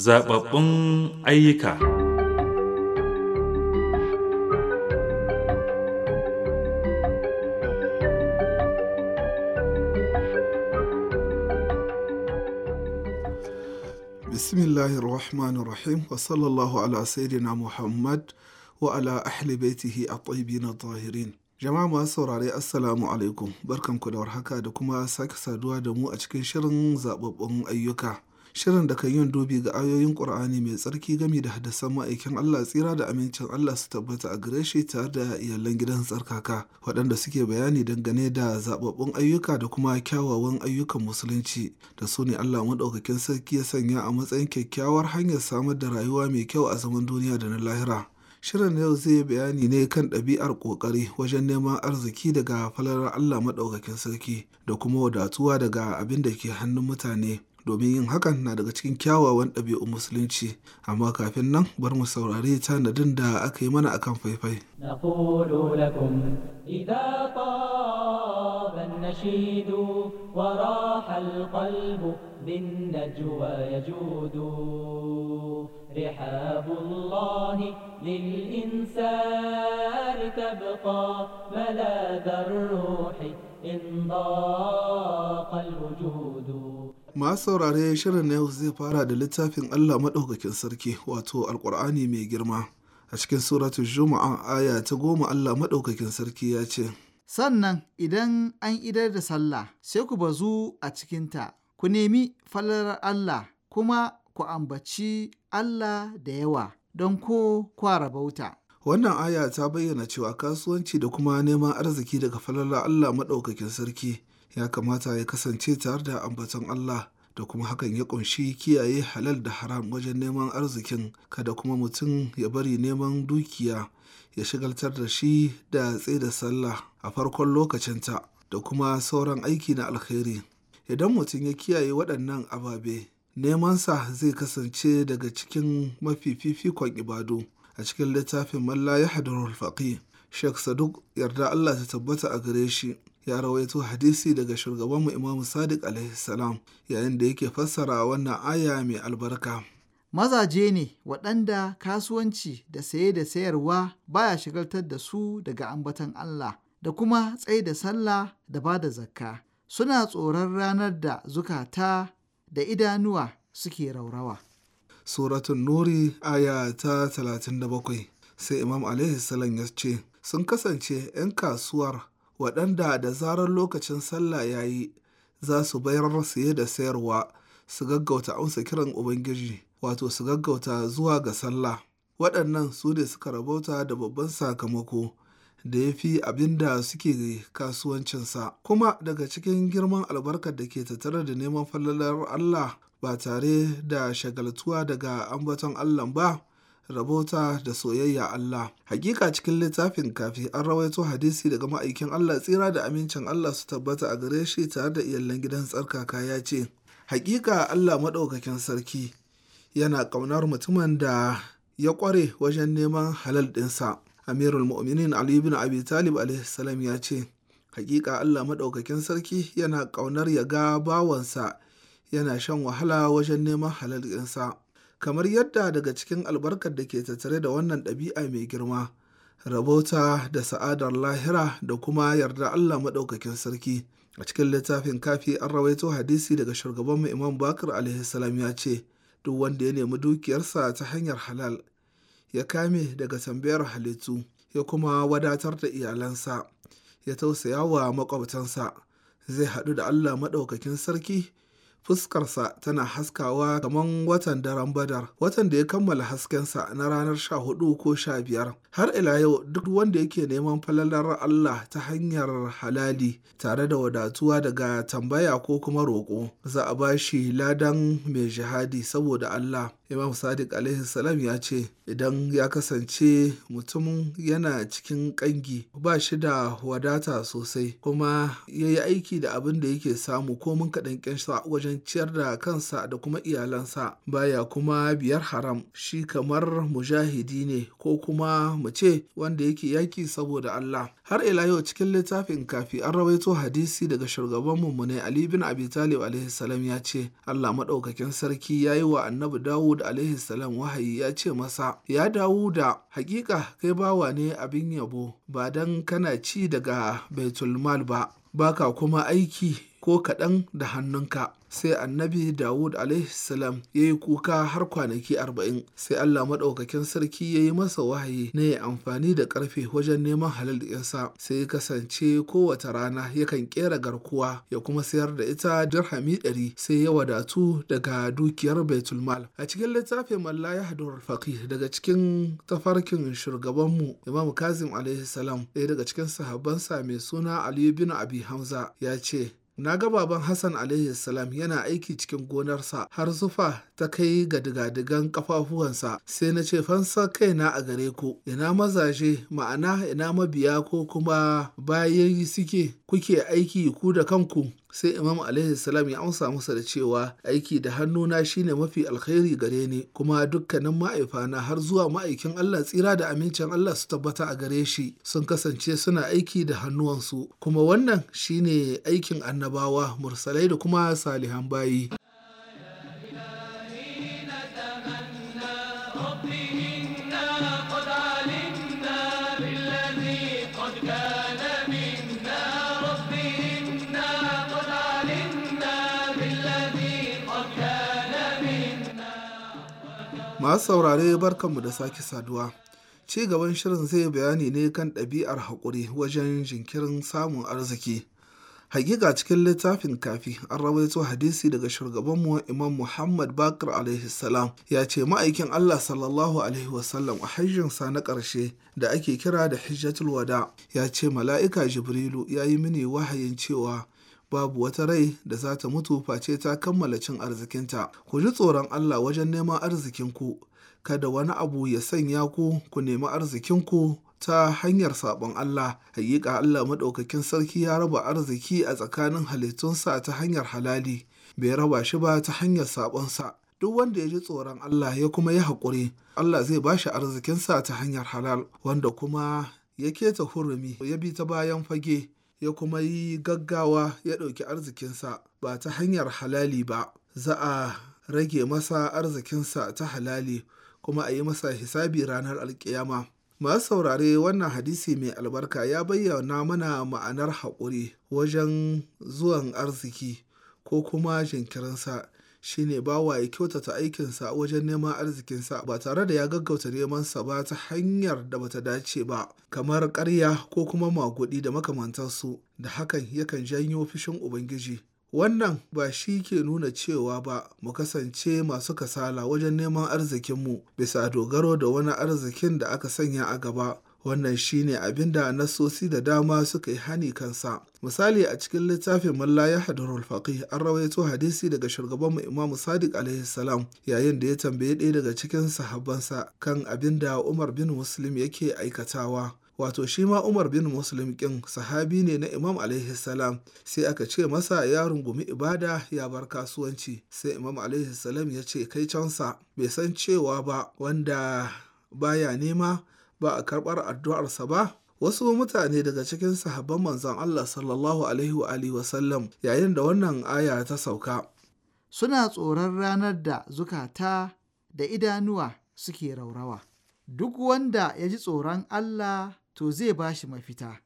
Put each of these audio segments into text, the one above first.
zababbun ayyuka rahmanir rahim wa sallallahu ala sayyidina muhammad wa ala ahli baitihi at-tayyibin tahirin jama'a masu saurare assalamu alaikum barkanku da warhaka da kuma sake saduwa da mu a cikin shirin zababbun ayyuka shirin da kan yin dubi ga ayoyin Ƙur'ani mai tsarki gami da hadasan ma'aikin Allah tsira da amincin Allah su tabbata a gare shi tare da iyalan gidan tsarkaka waɗanda suke bayani dangane da zababbun ayyuka da kuma kyawawan ayyukan musulunci da su ne Allah maɗaukakin sarki ya sanya a matsayin kyakkyawar hanyar samar da rayuwa mai kyau a zaman duniya da na lahira. Shirin yau zai bayani ne kan ɗabi'ar ƙoƙari wajen neman arziki daga falalar Allah maɗaukakin sarki da kuma wadatuwa daga abin da ke hannun mutane domin yin hakan na daga cikin kyawawan ɗabi'un musulunci amma kafin nan bar mu saurari tanadin da aka yi mana akan faifai النشيد وراح القلب بالنجوى يجود رحاب الله للإنسان تبقى ملاذ الروح إن ضاق الوجود Masu saurare shirin na yau zai fara da littafin Allah maɗaukakin sarki wato alƙur'ani mai girma. A cikin suratul Juma'a aya ta goma Allah maɗaukakin sarki ya ce, Sannan idan an idar da sallah sai ku bazu a cikinta, ku nemi falalar Allah kuma ku ambaci Allah da yawa don ko kwara bauta. Wannan aya ta bayyana cewa kasuwanci da kuma neman arziki daga falalar Allah maɗaukakin sarki ya kamata ya kasance tare da ambaton Allah da kuma hakan ya kunshi kiyaye halal da haram wajen neman arzikin kada kuma mutum ya bari neman dukiya ya shigaltar da shi da da sallah a farkon lokacinta da kuma sauran aiki na alkhairi idan mutum ya kiyaye waɗannan ababe nemansa zai kasance daga cikin mafi fifikon ibadu a cikin littafin malla ya hadurul Sheikh Saduk yarda Allah ta tabbata a gare shi ya rawaito hadisi daga shugaban mu Imam Sadiq alaihi yayin da yake fassara wannan aya mai albarka. Mazaje ne waɗanda kasuwanci da saye da sayarwa baya shigaltar da su daga ambatan Allah da kuma tsaye da sallah da ba da zakka. Suna tsoron ranar da zukata da idanuwa suke raurawa. Suratun Nuri aya ta 37 sai Imam alaihi ya ce sun kasance 'yan kasuwar waɗanda da zarar lokacin sallah ya yi za su bayar siye da sayarwa su gaggauta amsa kiran Ubangiji, wato su gaggauta zuwa ga sallah. Waɗannan su ne suka rabauta da babban sakamako da ya fi abin da suke kasuwancinsa, kuma daga cikin girman albarkar da ke tattare da neman fallalar Allah ba tare da shagaltuwa daga ambaton Allah ba. rabota da soyayya Allah. Hakika cikin littafin kafi an rawaito hadisi daga ma'aikin Allah tsira da amincin Allah su tabbata a gare shi tare da iyalan gidan tsarkaka ya ce, Hakika Allah maɗaukakin sarki yana ƙaunar mutumin da ya ƙware wajen neman halal ɗinsa. Amirul Mu'minin Ali bin Abi Talib alaihi ya ce, Hakika Allah maɗaukakin sarki yana ƙaunar ya ga bawansa yana shan wahala wajen neman halal ɗinsa. kamar yadda daga cikin albarkar da ke tattare da wannan ɗabi'a mai girma rabota da sa'adar lahira da kuma yarda Allah maɗaukakin sarki a cikin littafin kafi an rawaito hadisi daga shugaban mu imam bakar alaihissalam ya ce duk wanda ya nemi dukiyarsa ta hanyar halal ya kame daga tambayar halittu ya kuma wadatar da iyalansa ya tausaya wa makwabtansa zai haɗu da Allah maɗaukakin sarki fuskarsa tana haskawa kamar watan daren badar watan da ya kammala haskensa na ranar sha hudu ko sha biyar har ila yau duk wanda yake neman falalar Allah ta hanyar halali tare da wadatuwa daga tambaya ko kuma roƙo za a shi ladan mai jihadi saboda Allah imam sadiq alaihi salam ya ce idan ya kasance mutum yana cikin kangi ba shi da wadata sosai kuma ya yi aiki da abin da yake samu komin kaɗan sa wajen ciyar da kansa da kuma iyalansa baya kuma biyar haram shi kamar mujahidi ne ko kuma mu wanda yake yaki saboda Allah har ila yau cikin littafin kafi an rawaito hadisi daga shugaban mummune Ali bin Abi Talib alaihi salam ya ce Allah madaukakin sarki ya yi wa Annabi Dawud Dawud alaihi salam wahayi ya ce masa, Ya Dawuda, hakika kai bawa ne abin yabo, ba dan kana ci daga Baitulmal ba, baka kuma aiki ko kaɗan da hannunka. sai annabi Dawud salam ya yi kuka har kwanaki arba'in sai Allah maɗaukakin sarki ya yi masa wahayi na ya amfani da ƙarfe wajen neman halal ɗinsa sai ya kasance kowace rana yakan ƙera garkuwa ya kuma sayar da ita dirhami ɗari sai ya wadatu daga dukiyar baitulmal a cikin littafin malla ya hadur daga cikin tafarkin shugabanmu imam kazim alaihi salam ɗaya daga cikin sahabbansa mai suna aliyu bin abi hamza ya ce Na ga baban Hassan alaihi salam yana aiki cikin gonarsa har zufa ta kai ga digadigan kafafuwansa sai na ce fansa kaina a gare ku ina mazaje ma'ana ina mabiya ko kuma bayan suke kuke aiki ku da kanku sai Imam alaihi salam ya amsa masa da cewa aiki da hannuna shine mafi alkhairi gare ni kuma dukkanin ma'aifana har zuwa ma'aikin Allah tsira da amincin Allah su tabbata a gare shi sun kasance suna aiki da hannuwansu kuma wannan shine aikin annabawa mursalai da kuma salihan bayi masu saurare barkanmu da sake saduwa ci gaban shirin zai bayani ne kan ɗabi'ar haƙuri wajen jinkirin samun arziki hakika cikin littafin kafi an rawaito hadisi daga shugabanmu imam muhammad bakar alaihi salam ya ce ma'aikin allah sallallahu alaihi wasallam a hajjinsa na ƙarshe da ake kira da hijjatul wada ya ce mala'ika jibrilu ya yi mini wahayin cewa babu wata rai da za ta mutu face ta kammala cin arzikinta ku ji tsoron Allah wajen neman arzikinku kada wani abu ya sanya ku ku nemi arzikinku ta hanyar saɓon Allah hakika Allah maɗaukakin sarki ya raba arziki a tsakanin halittunsa ta hanyar halali bai raba shi ba ta hanyar saɓonsa. duk wanda ya ji tsoron Allah ya kuma yi haƙuri Allah zai ba shi arzikinsa ta hanyar halal wanda kuma ya keta hurumi ya bi ta bayan fage ya kuma yi gaggawa ya ɗauki arzikinsa ba ta hanyar halali ba za a rage masa arzikinsa ta halali kuma a yi masa hisabi ranar alkiyama masu saurare wannan hadisi mai albarka ya bayyana mana ma'anar haƙuri wajen zuwan arziki ko kuma jinkirinsa shine bawa ya kyautata aikinsa wajen neman arzikinsa ba tare da ya gaggauta nemansa ba ta hanyar da bata dace ba kamar karya ko kuma magudi da makamantarsu da hakan yakan janyo fishin ubangiji wannan ba shi ke nuna cewa ba mu kasance masu kasala wajen neman arzikinmu bisa dogaro da wani arzikin da aka sanya a gaba wannan shine abin da nasosi da dama suka yi hani kansa misali a cikin littafin mulla ya hadarul an rawaito hadisi daga shugaban mu imamu sadiq alaihi yayin da ya tambaye ɗaya daga cikin sahabbansa kan abin da umar bin muslim yake aikatawa wato shi ma umar bin muslim kin sahabi ne na imam alaihi sai aka ce masa ya rungumi ibada ya bar kasuwanci sai imam alaihi ya ce kai cansa bai san cewa ba wanda baya nema ba a karɓar addu'arsa ba wasu mutane daga cikin sahabban manzon Allah sallallahu alaihi wa wasallam yayin da wannan aya ta sauka suna tsoron ranar da zukata da idanuwa suke raurawa duk wanda ya ji tsoron Allah to zai ba shi mafita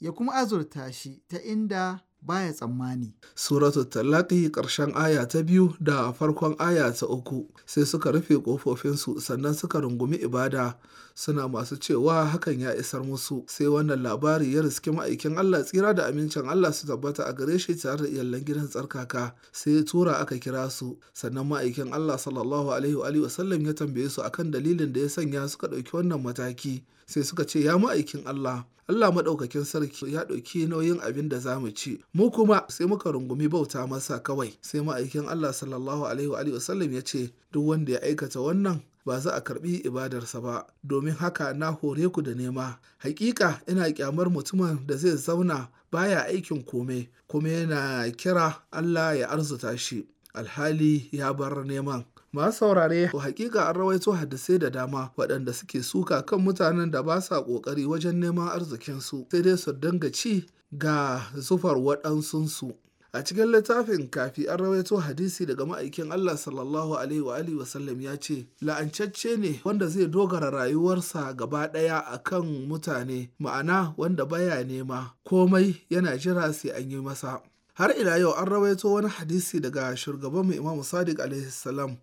ya kuma azurta shi ta inda baya tsammani. Suratu Talaki ƙarshen aya ta biyu da farkon aya ta uku sai suka rufe ƙofofinsu sannan suka rungumi ibada suna masu cewa hakan ya isar musu sai wannan labari ya riski ma'aikin Allah tsira da amincin Allah su tabbata a gare shi tare da iyalan gidan tsarkaka sai ya tura aka kira su sannan ma'aikin Allah sallallahu alaihi wa sallam ya tambaye su akan dalilin da ya sanya suka ɗauki wannan mataki sai suka ce ya ma'aikin Allah Allah maɗaukakin sarki ya ɗauki nauyin abin da za mu ci mu kuma sai muka rungumi bauta masa kawai sai ma'aikin Allah sallallahu alaihi wa sallam ya ce duk wanda ya aikata wannan ba za a karbi ibadarsa ba domin haka na hore ku da nema hakika ina kyamar mutumin da zai zauna baya aikin kome kuma yana kira Allah ya arzuta shi alhali ya bar neman masu saurare hakika an rawaito hadisai da dama waɗanda suke suka kan mutanen da ba sa ƙoƙari wajen neman arzikinsu sai dai su danga ci ga zufar waɗansunsu a cikin littafin kafi an rawaito hadisi daga ma'aikin Allah sallallahu alaihi wa alihi wasallam ya ce la'ancacce ne wanda zai dogara rayuwarsa gaba ɗaya kan mutane ma'ana wanda baya nema komai yana jira sai an yi masa har ila yau an rawaito wani hadisi daga shugaban mu Imam Sadiq alaihi salam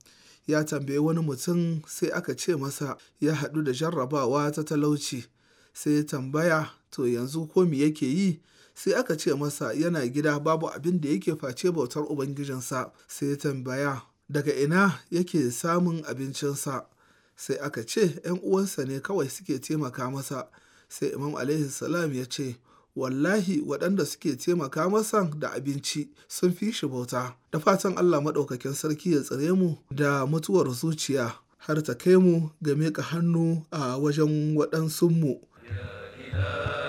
ya tambayi wani mutum sai aka ce masa ya haɗu da jarrabawa ta talauci sai ya tambaya to yanzu ko me yake yi sai aka ce masa yana gida babu abin da yake face bautar ubangijinsa sai ya tambaya daga ina yake samun abincinsa sai aka ce ‘yan uwansa ne kawai suke taimaka masa sai imam alaihi salam ya ce wallahi waɗanda suke taimaka masa da abinci sun fi shi bauta da fatan allah maɗaukakin sarki ya tsare mu da mutuwar zuciya har ta kai mu ga miƙa hannu a wajen waɗansunmu. mu.